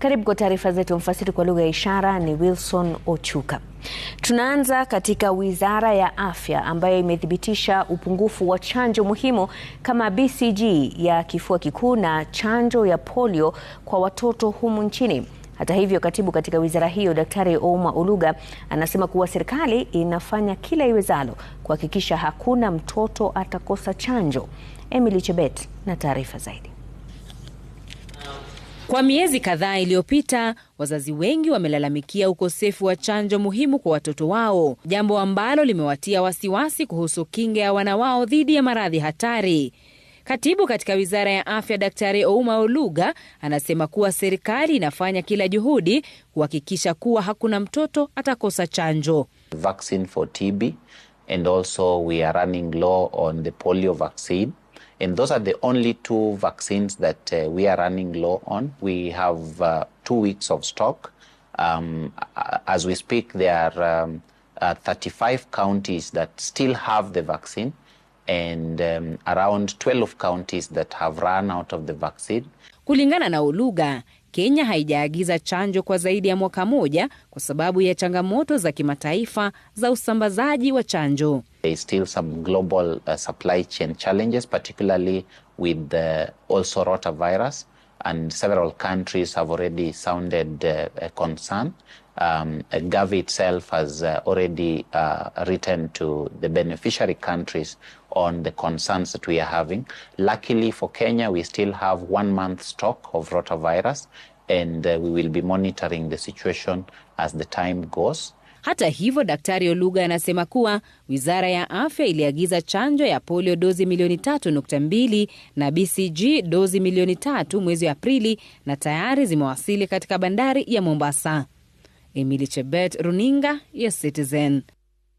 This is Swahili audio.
Karibu kwa taarifa zetu. Mfasiri kwa lugha ya ishara ni Wilson Ochuka. Tunaanza katika wizara ya afya ambayo imethibitisha upungufu wa chanjo muhimu kama BCG ya kifua kikuu na chanjo ya polio kwa watoto humu nchini. Hata hivyo, katibu katika wizara hiyo Daktari Ouma Oluga anasema kuwa serikali inafanya kila iwezalo kuhakikisha hakuna mtoto atakosa chanjo. Emily Chebet na taarifa zaidi. Kwa miezi kadhaa iliyopita, wazazi wengi wamelalamikia ukosefu wa chanjo muhimu kwa watoto wao, jambo ambalo limewatia wasiwasi kuhusu kinga ya wana wao dhidi ya maradhi hatari. Katibu katika Wizara ya Afya Daktari Ouma Oluga anasema kuwa serikali inafanya kila juhudi kuhakikisha kuwa hakuna mtoto atakosa chanjo. Vaccine for TB and also we are running low on the polio vaccine. And those are the only two vaccines that uh, we are running low on. We have uh, two weeks of stock. Um, as we speak, there are um, uh, 35 counties that still have the vaccine and um, around 12 counties that have run out of the vaccine. Kulingana na Uluga, Kenya haijaagiza chanjo kwa zaidi ya mwaka moja kwa sababu ya changamoto za kimataifa za usambazaji wa chanjo. there's still some global uh, supply chain challenges, particularly with the also rotavirus. And several countries have already sounded uh, a concern. Um, Gavi itself has uh, already uh, written to the beneficiary countries on the concerns that we are having. Luckily for Kenya, we still have one month stock of rotavirus, and uh, we will be monitoring the situation as the time goes. Hata hivyo, Daktari Oluga anasema kuwa wizara ya afya iliagiza chanjo ya polio dozi milioni 3.2 na BCG dozi milioni tatu mwezi Aprili na tayari zimewasili katika bandari ya Mombasa. Emily Chebet, runinga ya Citizen.